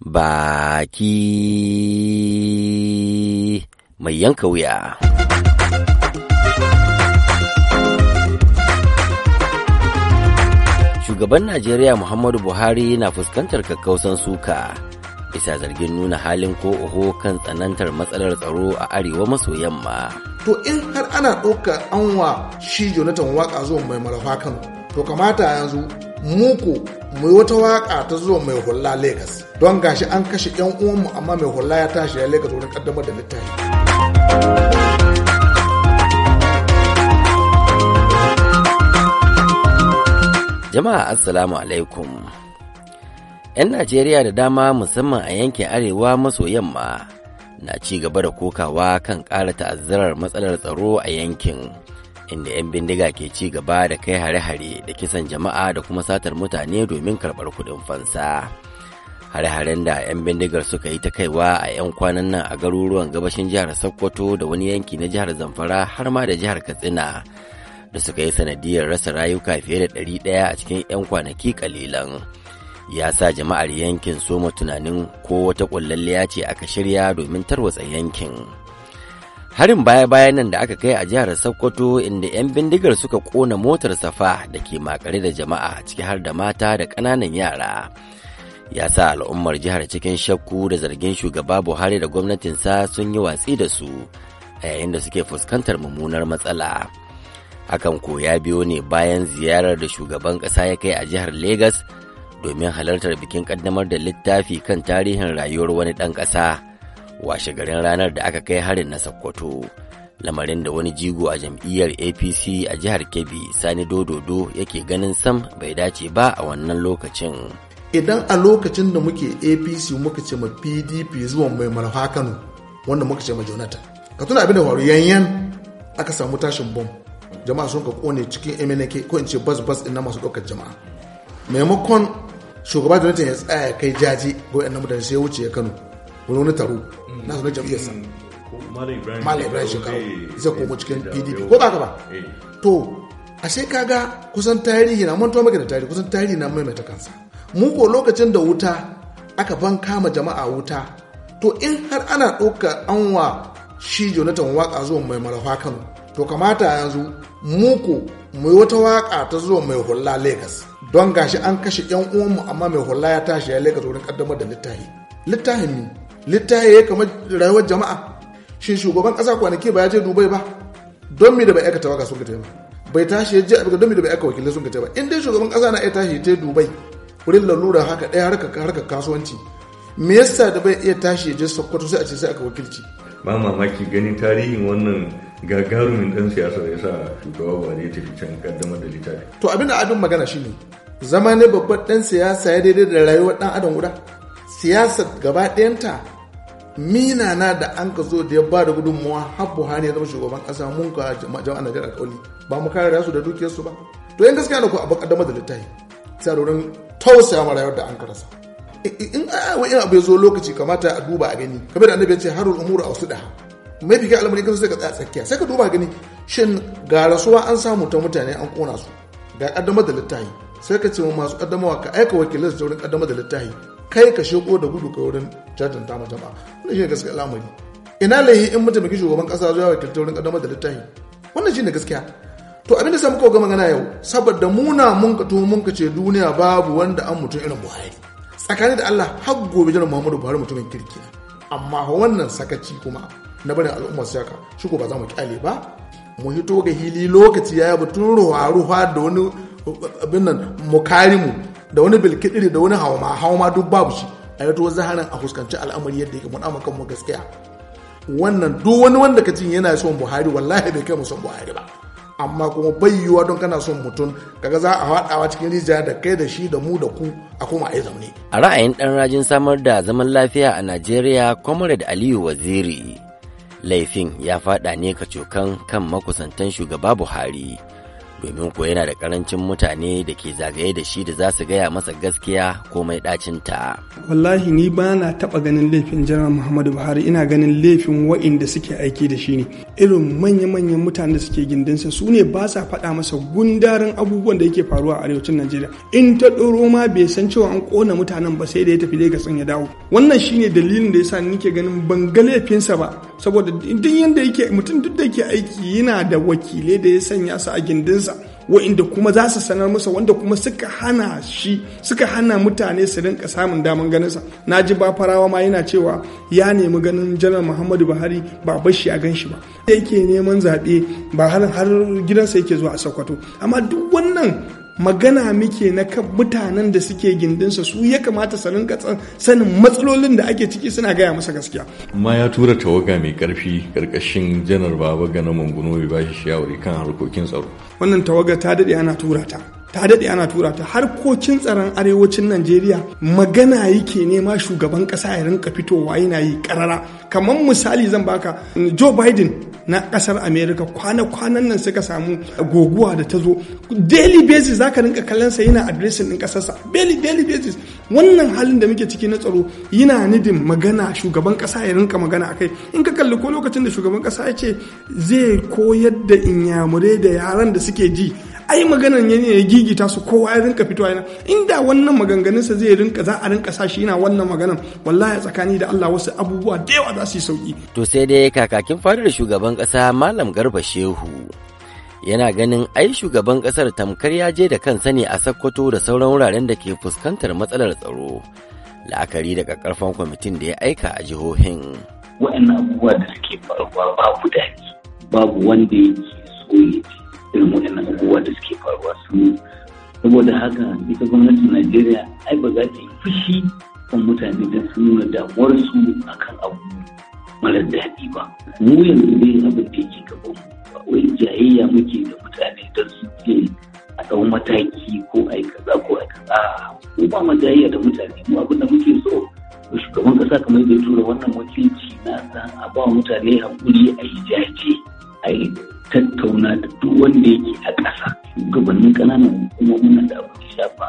baki mai yanka wuya. Shugaban Najeriya Muhammadu Buhari na fuskantar kakkausan suka Isa zargin nuna halin ko oho kan tsanantar matsalar tsaro a arewa maso yamma. To in har ana ɗauka anwa shi Jonathan waka zuwa mai marafa Kano, to kamata yanzu muku mai wata waka ta zuwa mai hula Legas. Don gashi an kashe 'yan uwanmu amma mai hula ya tashi ya Legas wurin kaddamar da littafi. Jama'a Assalamu alaikum. ‘Yan Najeriya da dama musamman a yankin Arewa maso yamma na ci gaba da kokawa kan ƙara ta'azzarar matsalar tsaro a yankin inda 'yan bindiga ke ci gaba da kai hare-hare da kisan jama'a da kuma satar mutane domin karɓar kuɗin fansa. Hare-haren da 'yan bindigar suka yi ta kaiwa a 'yan kwanan nan a garuruwan gabashin jihar Sokoto da wani yanki na jihar Zamfara har ma da jihar Katsina da suka yi sanadiyar rasa rayuka fiye da ɗari ɗaya a cikin 'yan kwanaki kalilan. Ya sa jama'ar yankin soma tunanin ko wata ƙullalliya ce aka shirya domin tarwatsa yankin. harin baya-bayan nan da aka kai a jihar Sokoto inda 'yan bindigar suka kona motar safa da ke makare da jama'a ciki har da mata da ƙananan yara. Ya sa al'ummar jihar cikin shakku da zargin shugaba Buhari da gwamnatinsa sun yi watsi da su a yayin da suke fuskantar mummunar matsala. Akan ko ya biyo ne bayan ziyarar da shugaban ƙasa ya kai a jihar Legas domin halartar bikin ƙaddamar da littafi kan tarihin rayuwar wani ɗan ƙasa. washe garin ranar da aka kai harin na Sokoto. Lamarin da wani jigo a jam'iyyar APC a jihar Kebbi Sani Dododo yake ganin sam bai dace ba a wannan lokacin. Idan a lokacin da muke APC muka ce ma PDP zuwa mai Kano wanda muka ce ma Jonathan. Ka tuna abin da faru yanyan aka samu tashin bom. Jama'a sun ka kone cikin MNK ko in ce bas bas ɗin na masu ɗaukar jama'a. Maimakon shugaba Jonathan ya tsaya kai jaji ga waɗannan mutane sai ya wuce ya Kano. wani wani taro na sanar na jam'iyyarsa malam ibrahim shekaru zai koma cikin pdp ko ba ka ba eh. to ka ga kusan tarihi na mantuwa maka da tarihi kusan tarihi na maimaita kansa mu ko lokacin da wuta aka ban kama jama'a wuta to in har ana ɗauka wa shi jonathan waka zuwa mai marafa kan to kamata yanzu muku mai wata waka ta zuwa mai hula lagos don gashi an kashe yan uwanmu amma mai hula ya tashi ya lagos wurin kaddamar da littafi littafin littaye ya kamar rayuwar jama'a shin shugaban kasa kwanaki ba ya je dubai ba don mi da bai aikata waka sun ka ba bai tashi ya je a don mi da bai aika wakilai sun ka ba in dai shugaban kasa na iya tashi ya je dubai wurin lalura haka ɗaya harkar kasuwanci me yasa da bai iya tashi ya je sokoto sai a ce sai aka wakilci ba mamaki ganin tarihin wannan gagarumin dan siyasa ya sa shugaba ba zai tafi can kaddamar da littafi to abin da abin magana shine zama ne babban dan siyasa ya daidai da rayuwar dan adam guda siyasar gaba ɗayanta mina na da an ka zo da ya ba da gudunmuwa har buhari ya zama shugaban ƙasa mun ka jama'an najeriya kauli ba mu kare su da dukiyarsu ba to yan gaskiya na ku abu kaddamar da littafi wurin tausaya ma rayuwar da an karasa in wani abu ya zo lokaci kamata a duba a gani kamar da annabi ya ce harul umuru a wasu da mai fi al'amari kan sai ka tsaya tsakiya sai ka duba gani shin ga rasuwa an samu ta mutane an kona su ga kaddama da littafi sai ka ce masu kaddamawa ka aika wakilai su wurin kaddama da littafi kai ka sheko da gudu ka wurin jajanta ma jama'a wannan ne gaskiya al'amari ina lahi in mataimakin shugaban kasa zuwa wakiltar wurin kaddamar da littafi wannan shi ne gaskiya to abin da sa muka gama magana yau saboda muna mun ka tuhu mun ka ce duniya babu wanda an mutum irin Buhari tsakanin da Allah har gobe jiran Muhammadu Buhari mutumin kirki amma wannan sakaci kuma na barin su yaka shi ko ba za mu kyale ba mu hito ga hili lokaci ya yaba tun ruwa ruwa da wani abin nan mu da wani bilkidiri da wani hawa hawa ma duk babu shi a yato zaharan a fuskanci al'amari yadda yake mun kan mu gaskiya wannan duk wani wanda ka jin yana son buhari wallahi bai kai mu son buhari ba amma kuma bai yiwuwa don kana son mutum kaga za a haɗawa cikin rijiya da kai da shi da mu da ku a kuma a yi zaune. a ra'ayin ɗan rajin samar da zaman lafiya a najeriya comrade aliyu waziri laifin ya faɗa ne ka cokan kan makusantan shugaba buhari domin ko yana da karancin mutane da ke zagaye da shi da za su gaya masa gaskiya ko mai ɗacin ta. Wallahi ni ba na taɓa ganin laifin Janar Muhammadu Buhari ina ganin laifin wa'inda suke aiki da shi ne. Irin manya-manyan mutane da suke gindinsa su ne ba sa faɗa masa gundarin abubuwan da yake faruwa a arewacin Najeriya. In ta ɗoro ma bai san cewa an ƙona mutanen ba sai da ya tafi Legas ya dawo. Wannan shine dalilin da yasa nike ganin ban ga laifinsa ba. saboda duk yadda yake mutum duk da yake aiki yana da wakilai da ya sanya su a gindinsa wa'inda kuma za su sanar masa wanda kuma suka hana shi suka hana mutane su rinka samun daman ganinsa na ji ba farawa ma yana cewa ya nemi ganin janar muhammadu buhari ba bashi a gan shi ba yake neman zaɓe ba har gidansa yake zuwa a sokoto amma duk wannan magana muke na kan mutanen da suke gindinsa su ya kamata su rinka sanin matsalolin da ake ciki suna gaya masa gaskiya. Amma ya tura tawaga mai karfi karkashin janar baba ga na manguno ba shi shawari kan harkokin tsaro. Wannan tawaga ta daɗe ana tura ta. ta daɗe ana tura ta harkokin tsaron arewacin najeriya magana yake nema shugaban ƙasa ya rinka fitowa yana yi ƙarara kamar misali zan baka joe biden na ƙasar america kwana-kwanan nan suka samu goguwa da ta zo daily basis za ka rinka kallon sa yana adresin ɗin ƙasarsa daily basis wannan halin da muke ciki na tsaro yana nidin magana shugaban ƙasa ya rinka magana akai in ka kalli ko lokacin da shugaban ƙasa ya ce zai koyar da inyamurai da yaran da suke ji ai maganan ne ya gigita su kowa ya rinka fitowa yana inda wannan maganganunsa zai rinka za a rinka sa shi yana wannan maganan wallahi tsakani da Allah wasu abubuwa da yawa za su yi sauki to sai dai kakakin fadar shugaban ƙasa malam garba shehu yana ganin ai shugaban ƙasar tamkar ya je da kansa ne a sakkwato da sauran wuraren da ke fuskantar matsalar tsaro la'akari da karfan kwamitin da ya aika a jihohin waɗannan abubuwa da suke faruwa babu babu wanda ya so ya irin na abubuwa da suke faruwa su saboda haka ita gwamnatin najeriya ai ba za ta yi fushi kan mutane da sun nuna damuwarsu a kan abu mara daɗi ba mu yanzu dai abin da yake gaban mu ba wai jayayya muke da mutane don su ke a ɗau mataki ko a yi kaza ko a kaza mu ba mu jayayya da mutane mu abin da muke so shugaban kasa kamar zai tura wannan wakilci na a ba mutane hakuri a yi jaje a yi tattauna da duk wanda yake a ƙasa gabanin ƙananan hukumomin da abu shafa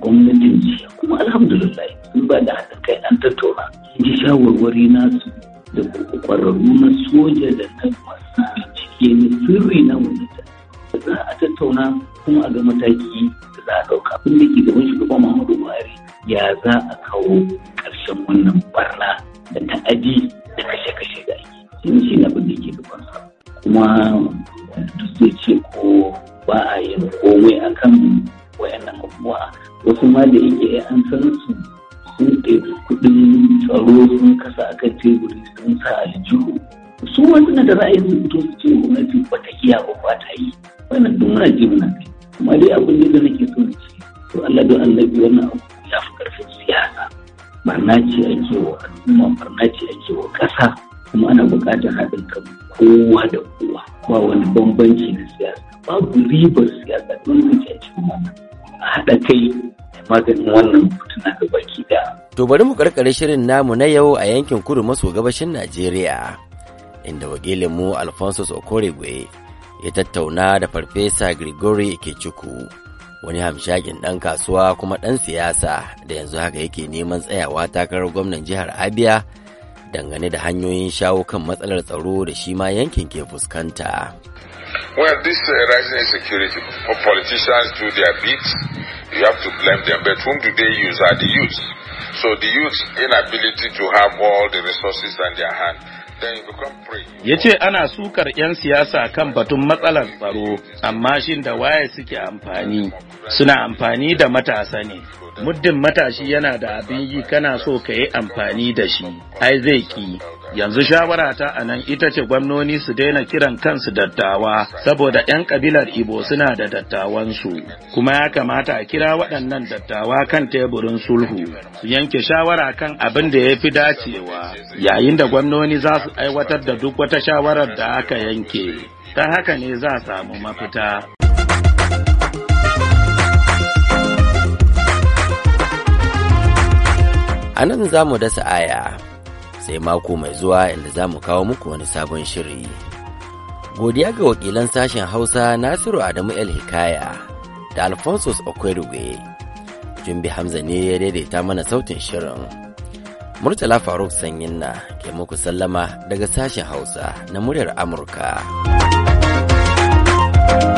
gwamnatin jiya kuma alhamdulillah in ba da haɗin kai an tattauna ji shawarwari su da ƙwararru na soja da na masu bincike na sirri na da za a tattauna kuma a ga mataki da za a ɗauka abin da ke gaban shugaban muhammadu buhari ya za a kawo ƙarshen wannan barna da ta'adi da kashe-kashe da ake shi ne abin da ke gabansa kuma iya ba ba ta yi wannan duk muna ji muna kai amma dai abin da nake so na ce to Allah don bi wannan abu ya fi karfin siyasa barna ce ake wa al'umma barna ce ake wa ƙasa kuma ana buƙatar haɗin kan kowa da kowa ba wani bambanci na siyasa babu ribar siyasa don ka ce a cikin wannan a haɗa kai maganin wannan fitina da baki da. To bari mu karkare shirin namu na yau a yankin kudu maso gabashin Najeriya inda wakilinmu Alphonsus Okoregwe ya tattauna da farfesa Grigori Ikechukwu wani hamshakin ɗan kasuwa kuma ɗan siyasa da yanzu haka yake neman tsayawa takarar gwamnan jihar Abia dangane da hanyoyin shawo kan matsalar tsaro da shi ma yankin ke fuskanta. Well, this uh, rising insecurity, politicians do their bit, you have to blame them, but whom do they use are the youth. So the inability to have all the resources in their hand. Ya ce ana sukar 'yan siyasa kan batun matsalar tsaro, amma shin da waye suke amfani, suna amfani da matasa ne. Muddin matashi yana da abin yi kana so ka yi amfani da shi, ai zai ki. yanzu shawara ta a nan ita ce gwamnoni su daina kiran kansu dattawa saboda 'yan kabilar ibo suna da dattawansu kuma ya kamata a kira waɗannan dattawa kan teburin sulhu su yanke shawara kan abin da ya fi dacewa yayin da gwamnoni za su aiwatar da duk wata shawarar da aka yanke ta haka ne za a samu mafita a nan za mu dasa aya sai mako mai zuwa inda za mu kawo muku wani sabon shiri. Godiya ga wakilan sashen Hausa Nasiru Adamu El Hikaya da alfonso Okwerugwe. Jumbi Hamza ne ya daidaita mana sautin shirin. Murtala Faruk Sanyinna ke muku sallama daga sashen Hausa na muryar Amurka. thank you